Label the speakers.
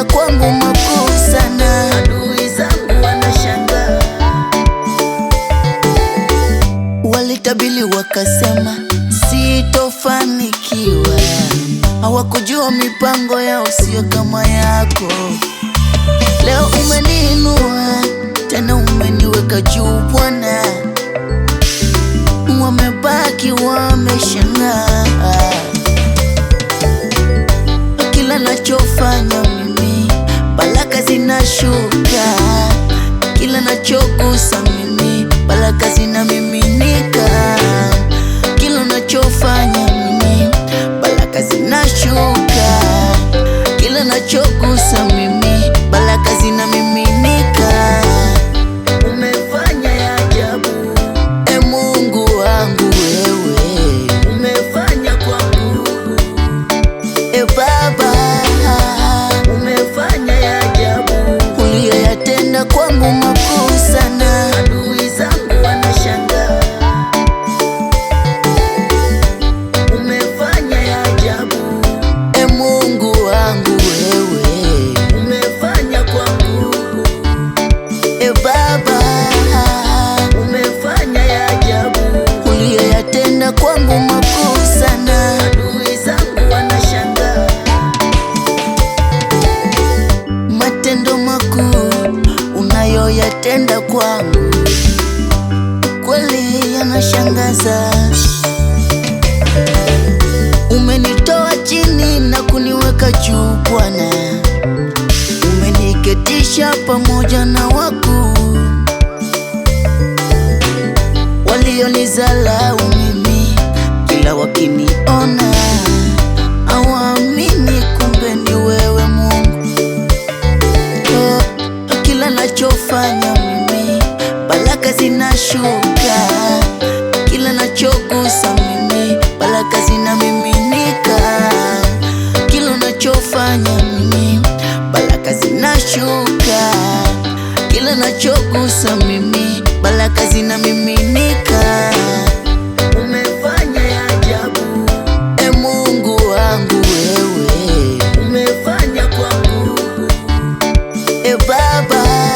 Speaker 1: ya kwangu makuu sana, adui zangu wanashangaa, walitabili wakasema sitofanikiwa, hawakujua mipango yao sio kama yako. zinashuka, kila nachogusa mimi baraka zinamiminika, kila nachofanya mimi baraka zinashuka, kila nachogusa kwangu kweli yanashangaza. Umenitoa chini na kuniweka juu Bwana, umeniketisha pamoja na wakuu walionizalao mimi kila wakiniona zinashuka, kila nachogusa mimi baraka zinamiminika. Umefanya ya ajabu, e Mungu wangu, wewe umefanya kwangu, e Baba